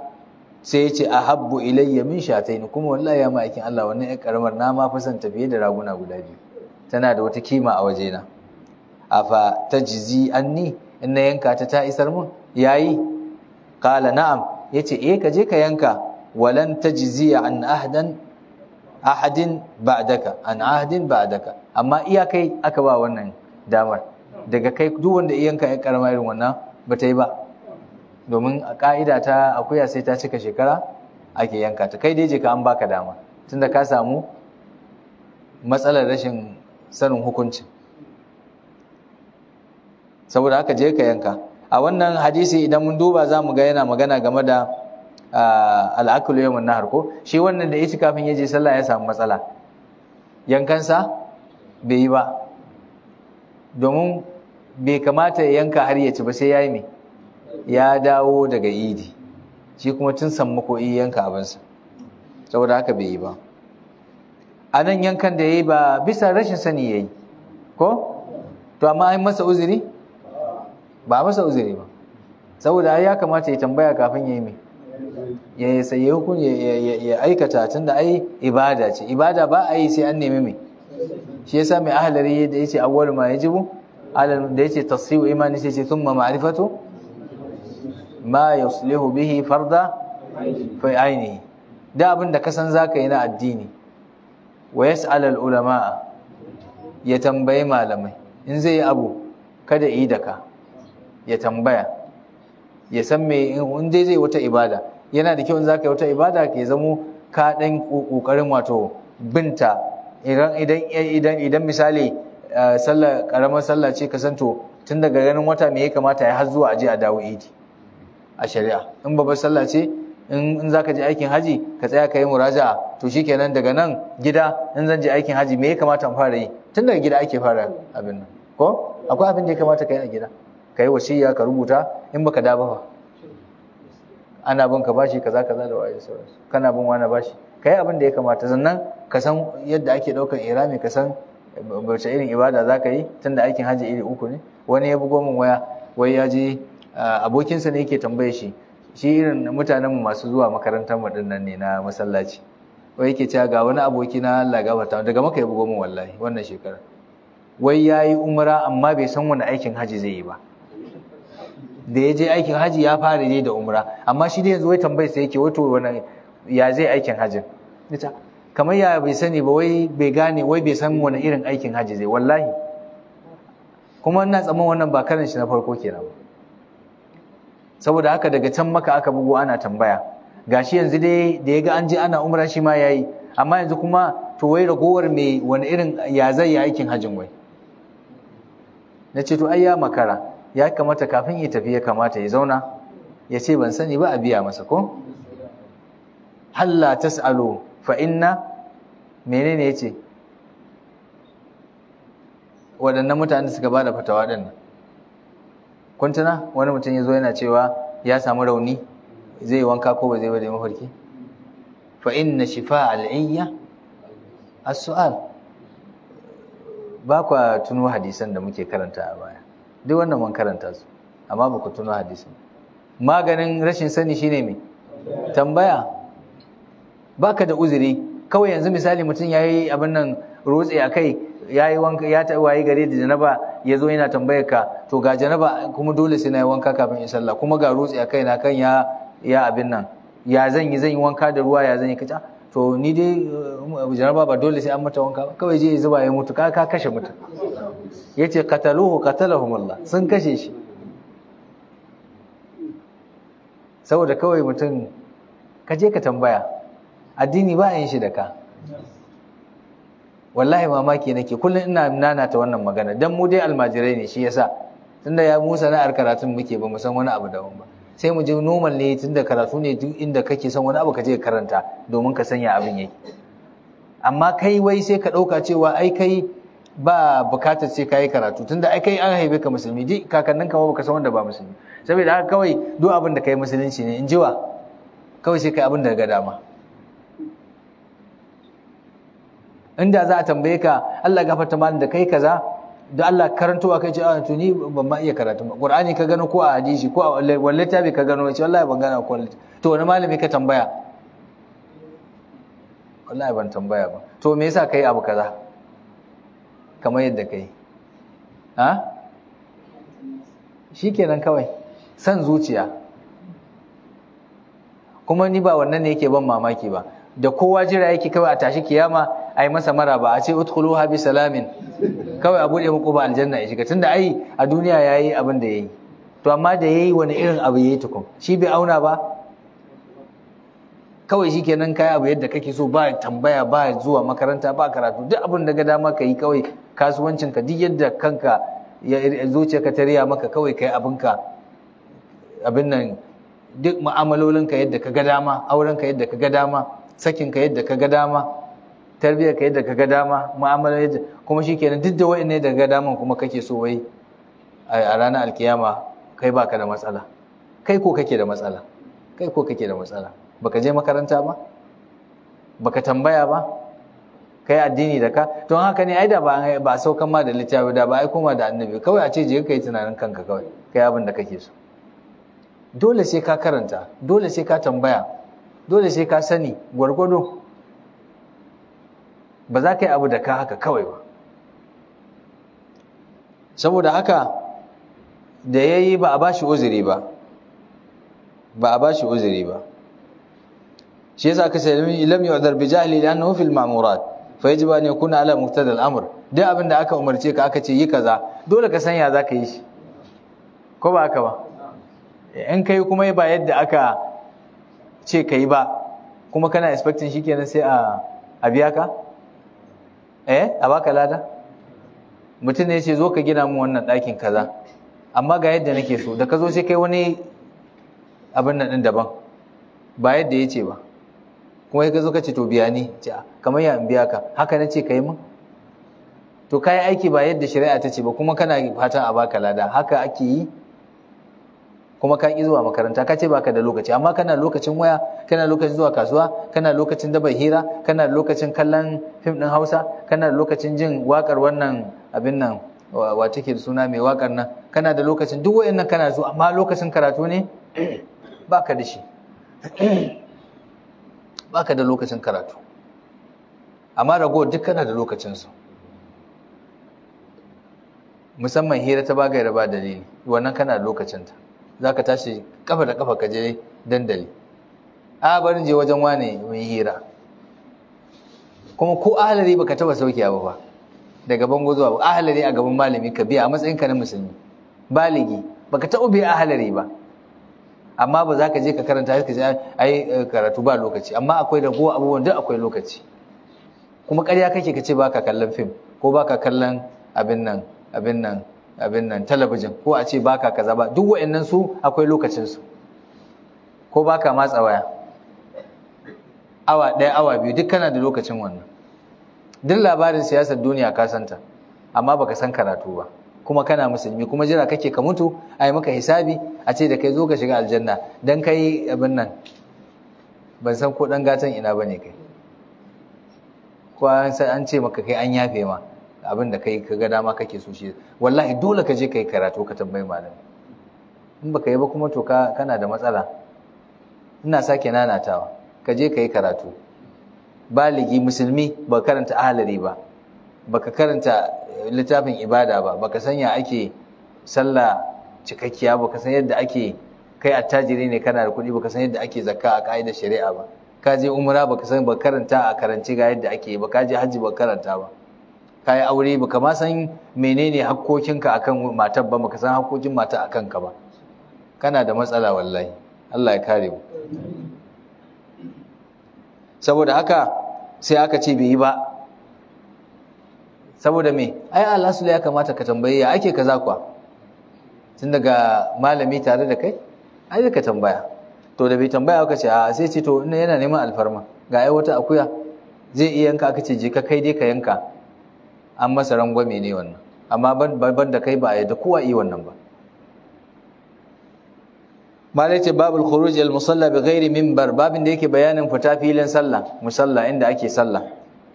sai ya ce a habbu ilayya min shataini kuma wallahi ya ma'aikin Allah wannan ƴan karamar na ma fasan ta fiye da raguna guda biyu tana da wata kima a wajena afa jizi anni in na yanka ta ta isar mun yayi qala na'am yace eh ka je ka yanka walan tajzi an ahdan ahadin ba'daka an ahdin ba'daka amma iya kai aka ba wannan damar daga kai duk wanda yanka ƴan karama irin wannan ba ta yi ba domin a ka'ida ta akuya sai ta cika shekara ake yanka ta kai dai jika an baka dama tunda ka samu matsalar rashin sanin hukuncin saboda haka je ka yanka a wannan hadisi idan mun duba za mu ga yana magana game da al'akulu yawon nahar ko shi wannan da ya kafin ya je sallah ya samu matsala yankansa bai yi ba domin bai kamata ya yanka har ya ci ba sai ya yi mai ya dawo daga idi shi kuma tun ko iya yanka abinsa saboda haka bai yi ba a nan yankan da ya yi ba bisa rashin sani ya yi ko to amma an masa uzuri ba masa uzuri ba saboda ya kamata ya tambaya kafin ya yi mai ya sai ya hukun ya aikata tun da ai ibada ce ibada ba a yi sai an nemi mai shi sa mai ahalari da ce awwalu ma yajibu alal da ce tasiru imani sai ce ma ma'arifatu? ma yuslihu bihi farda fa ainihi da abin da kasan zaka yi na addini wa yas'al al ulama ya tambayi malamai in zai yi abu kada yi daka. ya tambaya ya san me in dai zai wata ibada yana da kyau in zaka yi wata ibada ke zamo ka dan kokarin wato binta idan idan idan idan misali eh, sallar karamar sallah ce ka santo tun daga ganin wata me ya kamata ya har zuwa aje a dawo idi a shari'a in babbar sallah ce in za ka je aikin haji ka tsaya ka yi muraja, to shikenan daga nan gida in zan je aikin haji me ya kamata in fara yi tun daga gida ake fara abin nan ko akwai abin da ya kamata ka yi a gida ka yi wasiya ka rubuta in baka da ba ana bin ka bashi kaza kaza da waye sauransu kana bin wani bashi ka yi abin da ya kamata sannan ka san yadda ake ɗaukar irami ka san wace irin ibada za ka yi tun da aikin haji iri uku ne wani ya bugo min waya wai ya je abokinsa ne yake tambaye shi shi irin mutanenmu masu zuwa makarantar mu nan ne na masallaci wai yake cewa ga wani aboki na Allah bata daga maka ya bugo min wallahi wannan shekara wai yayi umra amma bai san wani aikin haji zai yi ba da ya je aikin haji ya fara je da umra amma shi dai yanzu wai tambaye sai yake wato wannan ya zai aikin hajin ita kamar ya bai sani ba wai bai gane wai bai san wani irin aikin haji zai wallahi kuma ina tsamon wannan ba karin shi na farko kenan ba saboda haka daga can maka aka bugu, ana tambaya gashi yanzu dai da ya ga an je ana umra shi ma yayi amma yanzu kuma to wai ragowar me wani irin ya zai yi aikin hajjin wai nace to ai ya makara ya kamata kafin ya tafi ya kamata ya zauna ya ce ban sani ba a biya masa ko halla tas'alu fa inna menene yace waɗannan mutane suka bada fatawa ɗin Kuntuna, wani mutum ya zo yana cewa ya samu rauni zai wanka ko ba zai ba da mafarki fa inna shifa al'iyya as-su'al ba kwa tuno hadisan da muke karanta a baya duk wannan mun karanta su amma ba ku tuno hadisan maganin rashin sani shine mai. tambaya baka da uzuri kawai yanzu misali mutum yayi abin nan rutse a kai ya yi wanka ya ta waye gare da janaba ya zo yana tambayar ka to ga janaba kuma dole sai na yi wanka kafin in sallah kuma ga rutse a kai na kan ya ya abin nan ya zan yi zan yi wanka da ruwa ya zan yi kaca to ni dai eh, janaba ba dole sai an mata wanka ba kawai je ya zuba ya mutu ka ka kashe mutum yace qataluhu qatalahumullah sun kashe shi saboda kawai mutum ka je ka tambaya addini ba yin shi da ka wallahi mamaki nake kullum ina nanata wannan magana dan mu dai almajirai ne shi yasa tunda ya musa na ar karatun muke ba mu san wani abu daban ba sai mu je normal ne tunda karatu ne duk inda kake son wani abu ka je karanta domin ka sanya abin yake amma kai wai sai ka dauka cewa ai kai ba bukatar sai kai karatu tunda ai kai an haife ka musulmi ji kakannin ka ba ka san wanda ba musulmi saboda haka kawai duk abin da kai musulunci ne in jiwa kawai sai kai abin da ga dama inda za a tambaye ka Allah gafarta malam da kai kaza da Allah karantowa kai ce a ah, ni ban ma iya karatu ba Qur'ani ka gano ko a hadisi ko a wallahi bi ka gano ce wallahi ban gana ko to wani malami ka tambaya wallahi ban tambaya ba to me yasa kai abu kaza kamar yadda kai ha shikenan kawai san zuciya kuma ni ba wannan ne yake ban mamaki ba da kowa jira yake kawai a tashi kiyama Ai masa maraba a ce udkhuluha bi salamin kawai a buɗe muku ba aljanna ya shiga tunda ai a duniya yayi abin da yayi to amma da yayi wani irin abu yayi tukun shi bai auna ba kawai shikenan kai abu yadda kake so ba tambaya ba zuwa makaranta ba karatu duk abin da ga dama ka yi kawai kasuwancinka duk yadda kanka ya zuciyarka ta riya maka kawai kai abinka abin nan duk mu'amalolinka yadda ka ga dama aurenka yadda ka ga dama sakinka yadda ka ga dama tarbiyyar ka yadda ka ga dama mu'amala yadda kuma shikenan duk da wa'annan da ga daman kuma kake so wai a ranar alkiyama kai baka da matsala kai ko kake da matsala kai ko kake da matsala baka je makaranta ba baka tambaya ba kai addini da ka to haka ne ai da ba ba saukan ma da littafi da ba ai koma da annabi kawai a ce je kai tunanin kanka kawai kai abin da kake so dole sai ka karanta dole sai ka tambaya dole sai ka sani gwargwado ba za ka yi abu da ka haka kawai ba saboda haka da ya yi ba a ba shi uziri ba ba a ba shi uzuri ba shi yasa ka sai lam yu'dhar bi jahli li'annahu fil ma'murat fa yajibu an yakuna ala muqtada al-amr duk abin da aka umarce ka aka ce yi kaza dole ka sanya za ka yi shi ko ba haka ba in kai kuma ba yadda aka ce yi ba kuma kana expecting kenan sai a biya ka eh a baka lada mutum ne ce zo ka gina mu wannan ɗakin kaza amma ga yadda nake so da ka zo sai kai wani abin nan ɗin daban ba yadda ya ce ba kuma ka zo ka ce to biya ni ah, kamar ya in biya ka haka na ce ka yi min to ka yi aiki ba yadda shari'a ta ce ba kuma kana fatan a baka lada haka ake yi kuma ka ki zuwa makaranta ka ce ba ka da lokaci amma kana lokacin waya kana lokacin zuwa kasuwa kana lokacin bai hira kana lokacin kallon fim din Hausa kana lokacin jin wakar wannan abin nan wa take suna mai wakar nan kana da lokacin duk wayannan kana zuwa amma lokacin karatu ne Ba ka da shi Ba ka da lokacin karatu amma rago duk kana da lokacin su musamman hira ta bagayar ba dalili wannan kana da lokacin ta zaka tashi kafa da kafa ka je dandali a barin je wajen wane mai hira kuma ko ahalari baka taba sauki ba fa daga bango zuwa ahalari a gaban malami ka biya a matsayin ka na musulmi baligi baka taba biya ahalari ba amma ba za ka je ka karanta ka ce ai karatu ba lokaci amma akwai ragowa abubuwan duk akwai lokaci kuma ƙarya kake ka ce baka kallon fim ko baka kallon abin abin nan abin nan talabijin ko a ce baka kaza ba duk wa'annan su akwai lokacin su ko baka matsa waya awa ɗaya awa biyu duk kana da lokacin wannan duk labarin siyasar duniya ka santa amma baka san karatu ba kuma kana musulmi kuma jira kake ka mutu a yi maka hisabi a ce da kai zo ka shiga aljanna dan kai abin nan ban san ko dan gatan ina bane kai ko an ce maka kai an yafe ma abin da kai ka ga dama kake so shi wallahi dole ka je kai karatu ka tambayi malami in baka yi ba kuma to ka kana da matsala ina sake nanatawa ka je kai karatu baligi musulmi ba karanta ahalari ba baka karanta eh, littafin ibada ba baka ya ake sallah cikakkiya baka san yadda ake kai attajiri ne kana da kuɗi baka san yadda ake zakka a ka'idar shari'a ba ka je umra baka san ba karanta a karanci ga yadda ake ba ka je hajji ba karanta ba ka yi aure ka ma san menene hakkokinka akan matar ba ka san hakkokin mata akan ka ba kana da matsala wallahi Allah ya kare mu saboda haka sai aka ce bai yi ba saboda me ai Allah su ya kamata ka tambaye ya ake kaza kwa tun daga malami tare da kai ai ka tambaya to da bai tambaya aka ce a sai ce to ina yana neman alfarma ga ai wata akuya zai iya yanka aka ce je ka kai dai ka yanka an masa rangwame ne wannan amma ban da kai ba a yadda kowa yi wannan ba malai ce babul khuruj al musalla bi ghairi minbar babin da yake bayanin fita filin sallah musalla inda ake sallah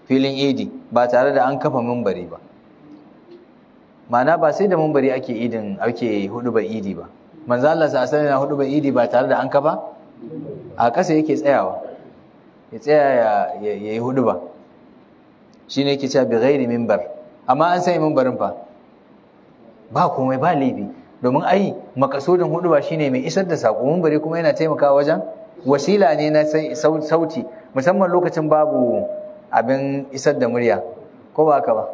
filin idi ba tare da an kafa minbari ba ma'ana ba sai da minbari ake idin ake hudu ba idi ba manzo Allah sa asali na hudu ba idi ba tare da an kafa a ƙasa yake tsayawa ya tsaya ya yi hudu ba shine yake cewa bi ghairi minbar amma an sai barin fa ba komai ba laifi domin ai makasudin hudu ba shine mai isar da sako mun kuma yana taimakawa wajen wasila ne na sauti musamman lokacin babu abin isar da murya ko ba haka ba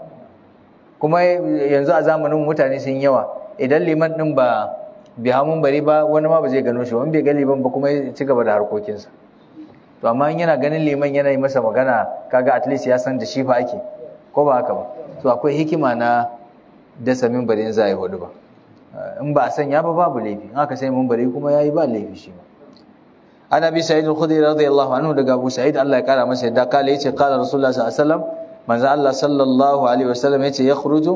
kuma yanzu a zamanin mutane sun yawa idan liman din ba bi hamun bari ba wani ma ba zai gano shi wani bai ga liman ba kuma ya ci gaba da harkokinsa to amma in yana ganin liman yana yi masa magana kaga at least ya san da shi fa ake ko ba haka ba so akwai hikima na dasa bari in za a yi hudu ba in ba a sanya ba babu laifi in aka sai mimbari kuma ya yi ba laifi shi ba an abi sa'id al-khudri radiyallahu anhu daga abu sa'id Allah ya kara masa yadda kala yace kala rasulullah sallallahu alaihi wasallam manzo Allah sallallahu alaihi wasallam yace yakhruju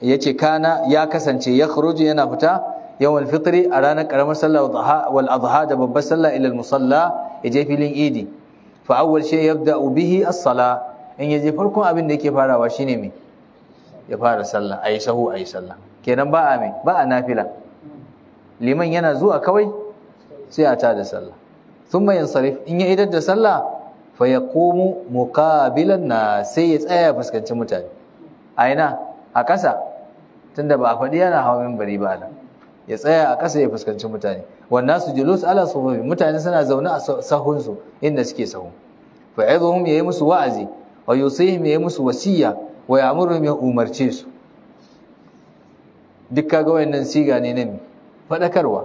yace kana ya kasance yakhruju yana fita yawon fitri a ranar karamar sallah wal adha da babbar sallah ila al musalla ya je filin idi fa awwal shay yabda bihi as-salah in ya je farkon abin da yake farawa shine me ya fara sallah ayi sahu ayi sallah kenan ba a me ba a nafila liman yana zuwa kawai sai a tada sallah thumma yansarif in ya idar da sallah fa yaqumu muqabilan na sai ya tsaya fuskanci mutane aina a kasa tunda ba a faɗi yana hawa bari ba nan ya tsaya a kasa ya fuskanci mutane wannan su julus ala sufufi mutane suna zaune a sahunsu inda suke sahu fa ya yayi musu wa'azi wa yusihim ya musu wasiya wa ya'muruhum ya umarce su duk kaga wayannan siga ne nan faɗakarwa.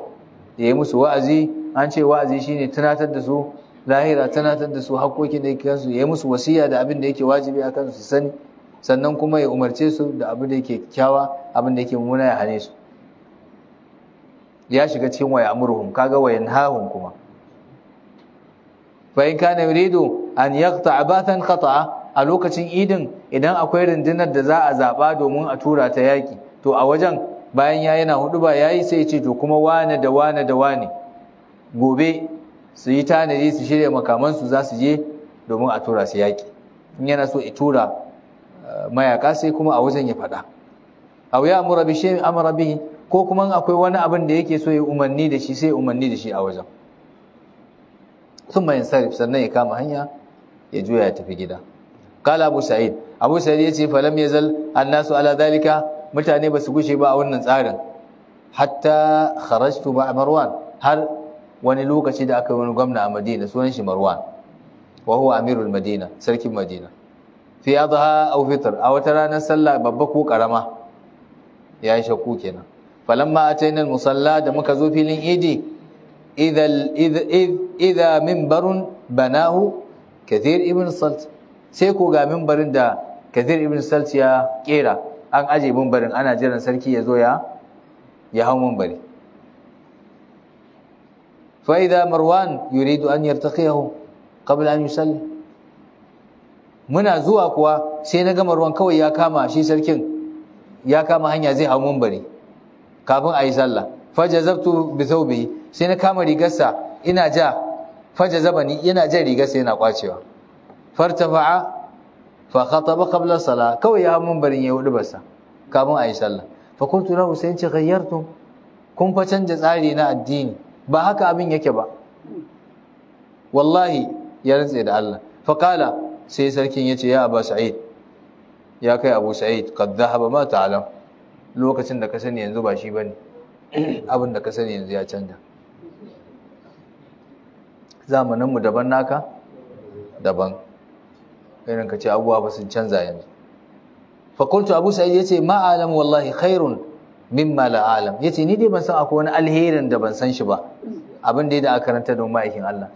ya yi musu wa'azi an ce wa'azi shine tunatar da su lahira tunatar da su haƙoƙin da yake su, ya yi musu wasiya da abin da yake wajibi a kansu su sani sannan kuma ya umarce su da abin da yake kyawa abin da yake mummuna ya hane su ya shiga cikin waya amurhum kaga wayan hahun kuma fa in kana yuridu an yaqta bathan qata'a a lokacin idin idan akwai rundunar da za a zaɓa domin a tura ta yaki to a wajen bayan ya yana hudu ba yayi sai ce to kuma wane da wane da wane gobe su yi tanadi su shirya makamansu za su je domin a tura su yaƙi in yana so i tura eh, mayaka sai kuma a wajen ya faɗa aw ya amura bi shay'in amara bihi ko kuma akwai wani abin da yake so ya umarni da shi sai umarni da shi a wajen sun bayan sarif sannan ya kama hanya ya juya ya tafi gida qala abu sa'id abu sa'id yace falam yazal annasu ala zalika mutane ba su gushe ba a wannan tsarin hatta kharajtu ba marwan har wani lokaci da aka yi wani gwamna a madina sunan shi marwan wa amirul madina sarkin madina fi adha aw fitr a wata ranar sallah babba ko karama yayi shakku kenan falamma atainal musalla da muka zo filin idi idha idha minbarun banahu kathir ibn salt sai ko ga mimbarin da kathir ibn salt ya kera an aje mimbarin ana jiran sarki ya zo ya ya hau mimbari fa idza marwan yuridu an yartaqiyahu qabla an yusalli muna zuwa kuwa sai na ga marwan kawai ya kama shi sarkin ya kama hanya zai hau mimbari kafin ayi sallah fajazabtu bi thawbi sai na kama rigarsa ina ja fajazabani yana jan rigarsa yana kwacewa fartafa'a fa khataba qabla salah kawai ya min barin ya hudu basa kafin ayi sallah fa kuntu lahu sai ce ghayyartum kun fa canja tsari na addini ba haka abin yake ba wallahi ya rantse da Allah fa qala sai sarkin yace ya Abu Sa'id ya kai Abu Sa'id qad dhahaba ma ta'lam lokacin da ka sani yanzu ba shi bane abin da ka sani yanzu ya canja zamaninmu daban naka daban irin ka ce abubuwa ba sun canza yanzu fakultu abu sa'id ya ce ma'alam wallahi khairun mimma la alam ya ce ni dai ban san akwai wani alherin da ban san shi ba abin da da karanta da ma'aikin Allah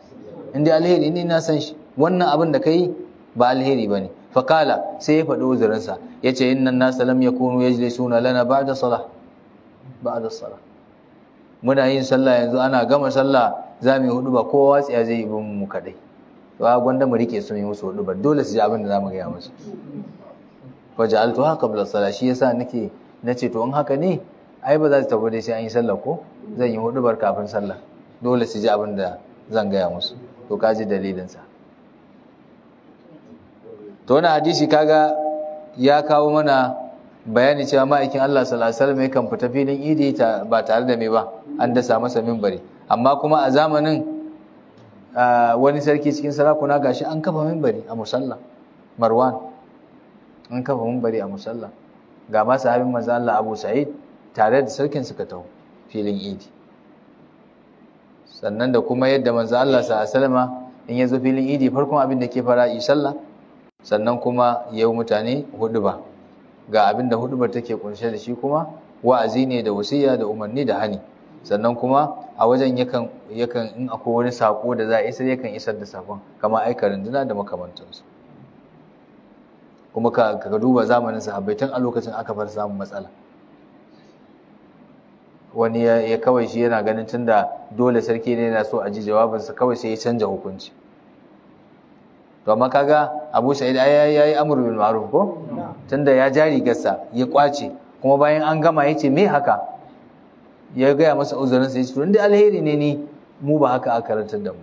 in dai alheri ne na san shi wannan abin da kai ba alheri ne. fakala sai ya faɗi uzurinsa ya ce ya nasa ya yakunu suna lana ba'da salah ba'da muna yin sallah yanzu ana gama sallah za mu yi hudu ba kowa tsaya zai yi bin mu kaɗai. to gwanda mu rike su yi musu hudu ba dole su ji abin da za mu gaya musu fa ja'altu ha qabla sala shi yasa nake nace to in haka ne ai ba za su tabbata sai an yi sallah ko zan yi hudu bar kafin sallah dole su ji abin da zan gaya musu to ka ji dalilin sa to na hadisi kaga ya kawo mana bayani cewa ma'aikin Allah sallallahu alaihi wasallam yakan fita filin idi ba tare da me ba an dasa masa minbari amma kuma a zamanin wani sarki cikin sarakuna gashi an kafa mimbari a musalla marwan an kafa mimbari a musalla ga ma sahabin manzo Allah Abu Sa'id tare da sarkin suka tawo filin Idi sannan da kuma yadda manzo Allah sallallahu in ya zo filin Idi farkon abin da ke fara yi sallah sannan kuma yau mutane huduba ga abin da hudubar take kunshe da shi kuma wa'azi ne da wasiya da umarni da hani sannan kuma a wajen yakan yakan in akwai wani sako da za a isar yakan isar da sakon kamar aika runduna da makamantansu kuma ka duba zamanin sahabbai tun a lokacin aka fara samun matsala wani ya kawai shi yana ganin tunda dole sarki ne yana so a ji jawabinsa kawai sai ya canja hukunci to amma kaga Abu Sa'id ai yayi amr bil ma'ruf ko tunda ya jari gasa ya kwace kuma bayan an gama ya ce me haka ya gaya masa uzurinsa ya ce to inda alheri ne ni mu ba haka aka karantar da mu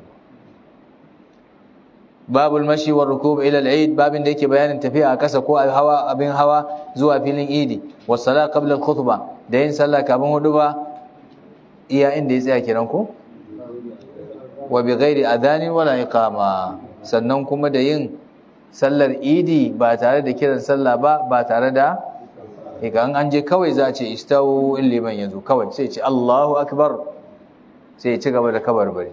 Babu mashi wa rukub ila al-eid babin da yake bayanin tafiya a kasa ko hawa abin hawa zuwa filin idi wa sala qabla al-khutba da yin sallah kafin huduba iya inda ya tsaya kiran ku? wa bi ghairi adhanin wala iqama sannan kuma da yin sallar idi ba tare da kiran sallah ba ba tare da sai an je kawai za ce istawu in liman yanzu kawai sai ce Allahu akbar sai ci gaba da Bari.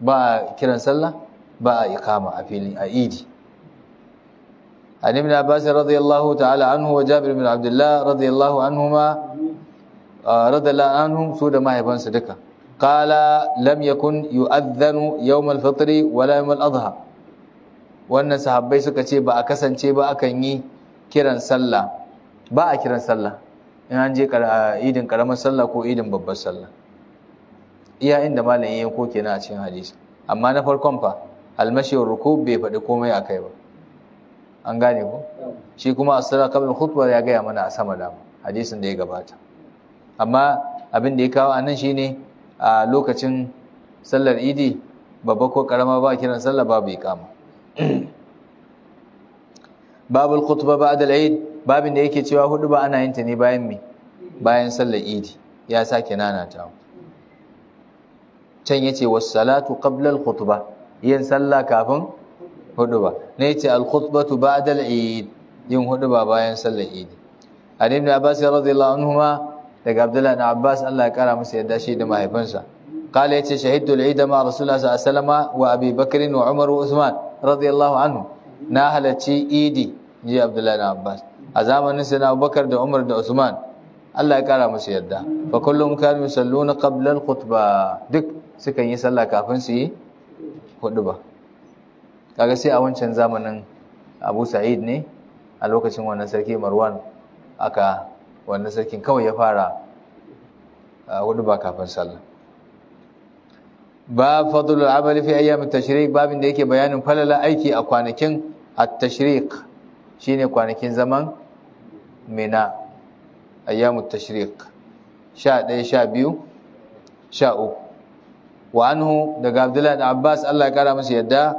ba kiran sallah ba iqama a filin a idi عن ابن عباس رضي الله تعالى عنه وجابر بن عبد الله رضي الله عنهما رضي الله عنهم سود ما قال لم يكن يؤذن يوم الفطر ولا يوم الاضحى wannan sahabbai suka ce ba a kasance ba akan yi kiran sallah ba a kiran sallah in an je idin karamar sallah ko idin babbar sallah iya inda malam yayin ko kenan a cikin hadisi amma na farkon fa wa ruku bai faɗi komai a kai ba an gane ko shi kuma asala kamar hutuwa ya gaya mana a sama dama hadisin da ya gabata amma abin da ya kawo a anan shine a lokacin sallar idi babba ko karama ba kiran sallah babu kama. babul khutba ba'da al-eid babin da yake cewa hudu ba ana yin ta ne bayan me bayan sallar idi ya sake nanata can yace was salatu qabla al-khutba yin sallah kafin hudu ba ne yace al-khutbatu ba'da al yin hudu ba bayan sallar idi Ali ibn abbas radiyallahu anhuma daga abdullah ibn abbas Allah ya kara masa yadda shi da mahaifinsa قال يتي شهدت العيد مع رسول الله صلى الله عليه وسلم وابي بكر وعمر وعثمان رضي الله عنهم na halarci idi ji abdullahi na abbas a zamanin sai na abubakar da umar da usman allah ya kara musu yadda fa kullum kanu yusalluna qabla al-khutba duk sukan yi sallah kafin su yi ba. kaga sai a wancan zamanin abu sa'id ne a lokacin wannan sarki marwan aka wannan sarkin kawai ya fara ba kafin sallah ba fadlul amali fi ayyamit tashriq babin da yake bayanin falala aiki a kwanakin at-tashriq shine kwanakin zaman mina ayyamut tashriq 11 12 13 wa anhu daga abdullahi da abbas Allah ya kara masa yadda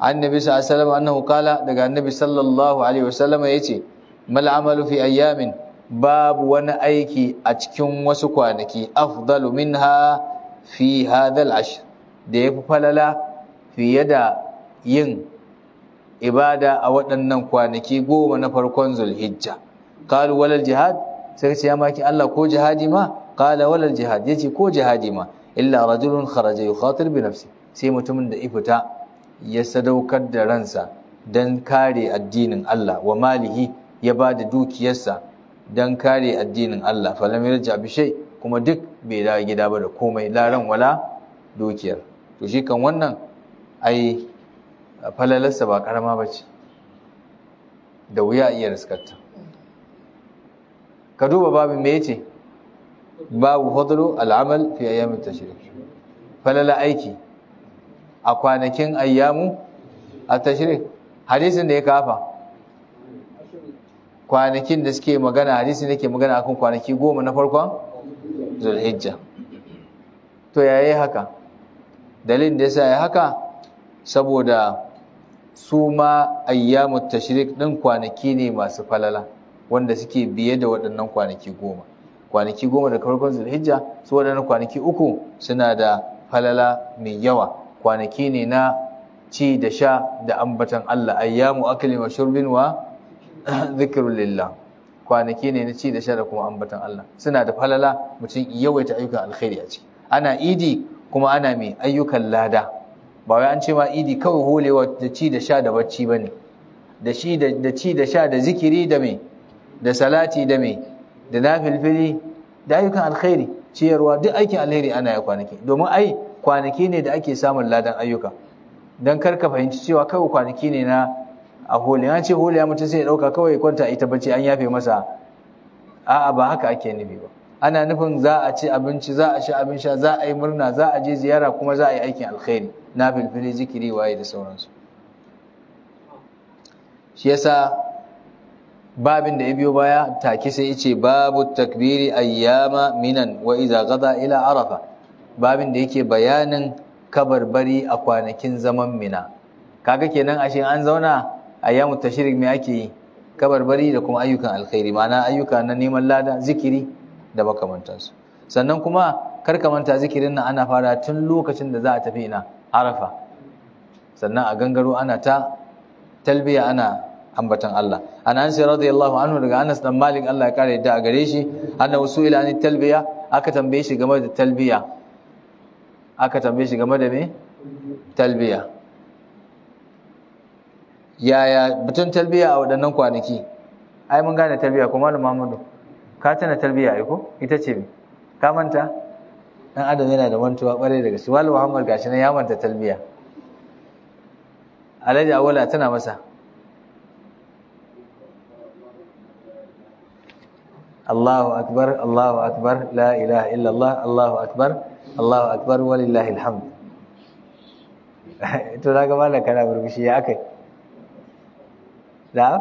annabi sallallahu alaihi wasallam annahu kala daga annabi sallallahu alaihi wasallam yace mal amalu fi ayyamin babu wani aiki a cikin wasu kwanaki afdalu minha fi hadha al-ashr da yafi falala fiye da yin ibada a waɗannan kwanaki goma na farkon zulhijja Kalu walal jihad sai ce ya maki Allah ko jihadi ma Kala walal jihad ce ko jihadi ma illa rajulun kharaja yukhatir bi nafsi sai mutumin da ifita ya sadaukar da ransa dan kare addinin Allah wa malihi ya bada dukiyarsa dan kare addinin Allah falam yarja bi shay kuma duk bai dawo gida ba da komai laran wala dukiyar to shi kan wannan ai falalarsa ba ƙarama ba ce da wuya iya riskarta ka duba babin me ce babu hudu al'amal fi ayyamin tashrik falala aiki a kwanakin ayyamu a tashrik hadisin da ya kafa kwanakin da suke magana hadisin da ke magana akan kwanaki goma na farkon zulhijja to yayi haka dalilin da ya sa ya haka saboda su ma ayyamu tashrik ɗin kwanaki ne masu falala wanda suke biye da waɗannan kwanaki goma kwanaki goma da farkon zulhijja su waɗannan kwanaki uku suna da falala mai yawa kwanaki ne na ci da sha da ambatan Allah ayyamu akli wa shurbin wa lillah kwanaki ne na ci da sha da kuma ambatan Allah suna da falala mutum yawaita ayyukan alkhairi a ciki ana idi kuma ana mai ayyukan lada ba wai an ce ma idi kawai holewa da ci da sha da bacci bane da da ci da sha da zikiri da me da salati da me da nafilfili da ayyukan alkhairi ciyarwa duk aikin alheri ana ya kwanaki domin ai kwanaki ne da ake samun ladan ayyuka don karka fahimci cewa kawai kwanaki ne na a holi an ce hole ya mutu sai ya ɗauka kawai kwanta ita bacci an yafe masa a'a ba haka ake nufi ba ana nufin za a ci abinci za a sha abin sha za a yi murna za a je ziyara kuma za a yi aikin alkhairi na filfili zikiri waye da sauransu shi yasa babin da ya biyo baya take sai ya ce babu takbiri ayyama minan wa iza gada ila arafa babin da yake bayanin kabarbari a kwanakin zaman mina kaga kenan ashe an zauna ayyamu tashrik me ake yi kabarbari da kuma ayyukan alkhairi mana ayyuka na neman lada zikiri da makamantansu sannan kuma kar manta zikirin nan ana fara tun lokacin da za a tafi ina arafa sannan a gangaro ana ta talbiya ana ambatan Allah an ansi radiyallahu anhu daga Anas dan Malik Allah ya kare da gare shi wasu ila ni talbiya aka tambaye shi game da talbiya aka tambaye shi game da me talbiya yaya batun talbiya a waɗannan kwanaki ai mun gane talbiya ko malam Muhammadu ka tana talbiya ai ko ita ce ka manta dan adam yana da mantuwa kwarai daga shi walu muhammad gashi nan ya manta talbiya alhaji awala tana masa Allahu akbar Allahu akbar la ilaha illallah Allahu akbar Allahu akbar walillahi alhamd to ga mallan kana burbushi ya akai da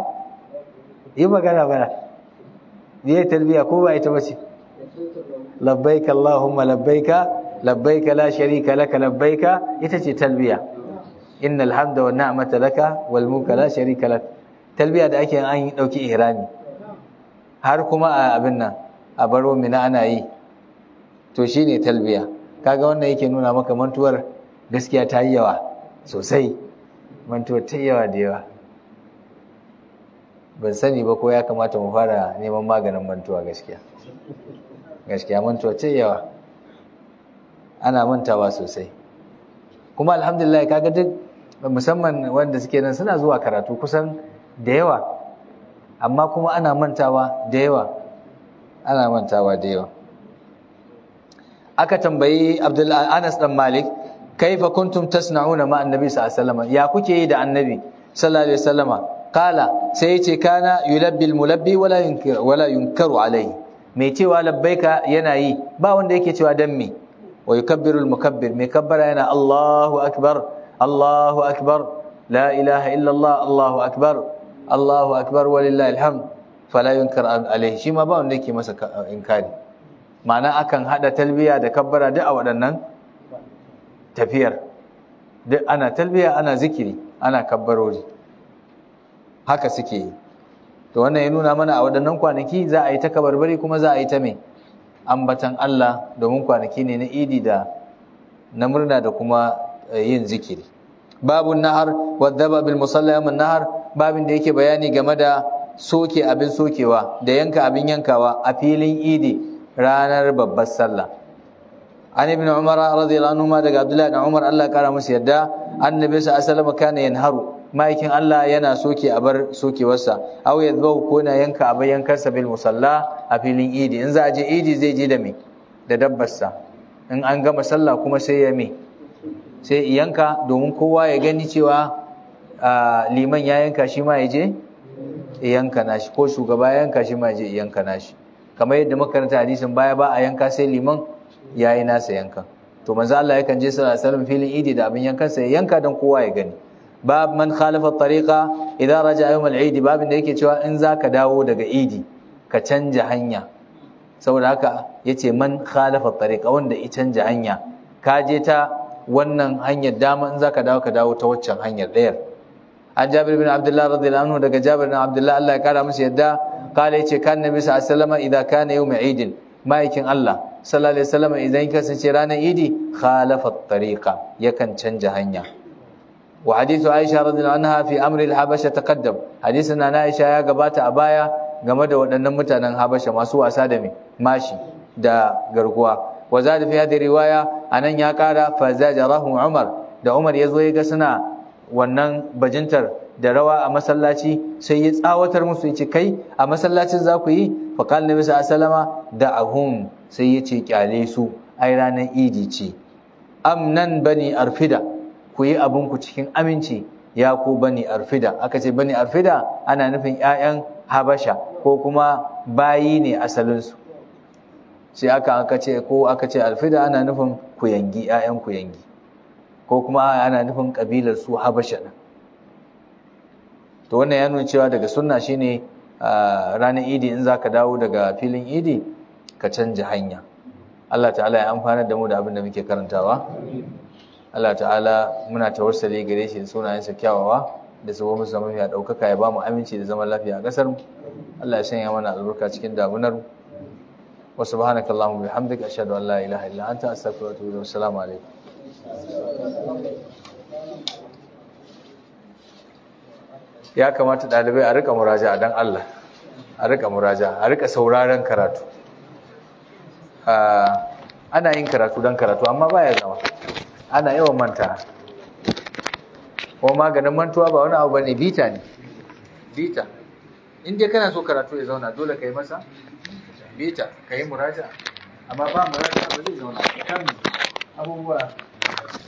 yi magana bana biye talbiya ko ba ita bace labbaika Allahumma labbaika labbaika la sharika laka labbaika ita ce talbiya innal hamda wan ni'mata laka wal mulka la sharika lak talbiya da ake an dauki ihrami har kuma a abin nan a baro mina ana yi to shine talbiya kaga wannan yake nuna maka mantuwar gaskiya ta yi yawa sosai mantuwar ta yawa da yawa ban sani ba ko ya kamata mu fara neman maganin mantuwa gaskiya gaskiya mantuwa ce yawa ana mantawa sosai kuma alhamdulillah kaga duk musamman wanda suke nan suna zuwa karatu kusan da yawa amma kuma ana mantawa da yawa ana mantawa da yawa aka tambayi Abdul Anas dan Malik kaifa kuntum tasna'una ma annabi sallallahu alaihi wasallam ya kuke yi da annabi sallallahu alaihi wasallama kala sai yace kana yulabbi almulabbi wala wala yunkaru alaihi mai cewa labbaika yana yi ba wanda yake cewa dan me wa yukabbirul mukabbir mai kabbara yana Allahu akbar Allahu akbar la ilaha illallah Allahu akbar Allahu akbar walillahi alhamd fala yunkar alaihi shi ma ba wanda yake masa eh, inkari ma'ana akan hada talbiya da kabbara duk a waɗannan tafiyar duk ana talbiya ana zikiri ana kabbarori haka suke yi to wannan ya nuna mana a waɗannan kwanaki za a yi ta kabarbari kuma za a yi ta mai ambatan Allah domin kwanaki ne na idi da na murna da kuma eh, yin zikiri babun nahar wadda bil musalla yawm nahar babin da yake bayani game da soke abin sokewa da yanka abin yankawa a filin idi ranar babbar sallah an ibn umar radiyallahu anhu daga abdullahi ibn umar Allah ya kara musu yadda annabi sallallahu alaihi wasallam kana yanharu ma'aikin Allah yana soke a bar sokewarsa aw yadhbau ko na yanka a yankarsa bil musalla a filin idi in za a je idi zai je da me da dabbarsa in an gama sallah kuma sai ya me sai yanka domin kowa ya gani cewa liman ya yanka shi ma ya je yanka nashi ko shugaba ya yanka shi ma ya je yanka nashi kamar yadda makaranta hadisin baya ba a yanka sai liman yayi nasa yankan to manzo Allah yakan je sallallahu alaihi wasallam filin idi da abin yankansa ya yanka don kowa ya gani bab man khalafa tariqa idza raja yawm al-eid babin da yake cewa in zaka dawo daga idi ka canja hanya saboda haka yace man khalafa tariqa wanda ya canja hanya ka je ta wannan hanyar dama in zaka dawo ka dawo ta waccan hanyar ɗayar an jabir bin abdullah radiyallahu anhu daga jabir bin abdullah Allah ya kara masa yadda kala yace kan nabi sallallahu alaihi wasallam idza kana yawm ma'aikin Allah sallallahu alaihi wasallam idan kasance ranar idi khalafa tariqa yakan canja hanya وحديث عائشة رضي الله Amril Habasha أمر الحبشة تقدم حديثنا Aisha ya gabata a baya game da waɗannan mutanen Habasha masu wasa da mai mashi da garkuwa wazada fi hadhihi riwaya anan ya kara fa zajarahum Umar da Umar yazo ya ga suna wannan bajintar da rawa a masallaci sai ya tsawatar musu ya kai a masallacin za ku yi fa a nabi sallallahu alaihi da'ahum sai ya kyale su ai ranar idi ce amnan bani arfida ku yi abinku cikin aminci ya ku bani arfida aka ce bani arfida ana nufin 'ya'yan habasha ko kuma bayi ne asalinsu sai aka aka ce ko aka ce alfida ana nufin kuyangi 'ya'yan kuyangi ko kuma ana nufin kabilar su habasha ɗin to wannan ya nuna cewa daga sunna shine ranar idi in za ka dawo daga filin idi ka canja hanya Allah ta'ala ya amfana da mu da abin da muke karantawa Allah ta'ala muna tawassali gare shi da sunayensa kyawawa da su mu zama ya daukaka ya mu aminci da zaman lafiya a kasar mu Allah ya sanya mana albarka cikin damunar mu wa bihamdika ashhadu an la ilaha illa anta astaghfiruka wa assalamu alaikum ya kamata ɗalibai a rika muraja dan Allah a rika muraja a rika sauraron karatu ah, ana yin karatu don karatu amma baya zama ana yawan manta kuma maganin mantuwa ba wani abu bane bita ne bita in dai kana so karatu ya zauna dole ka yi masa bita ka yi muraja amma ba muraja ba zai zauna kan abubuwa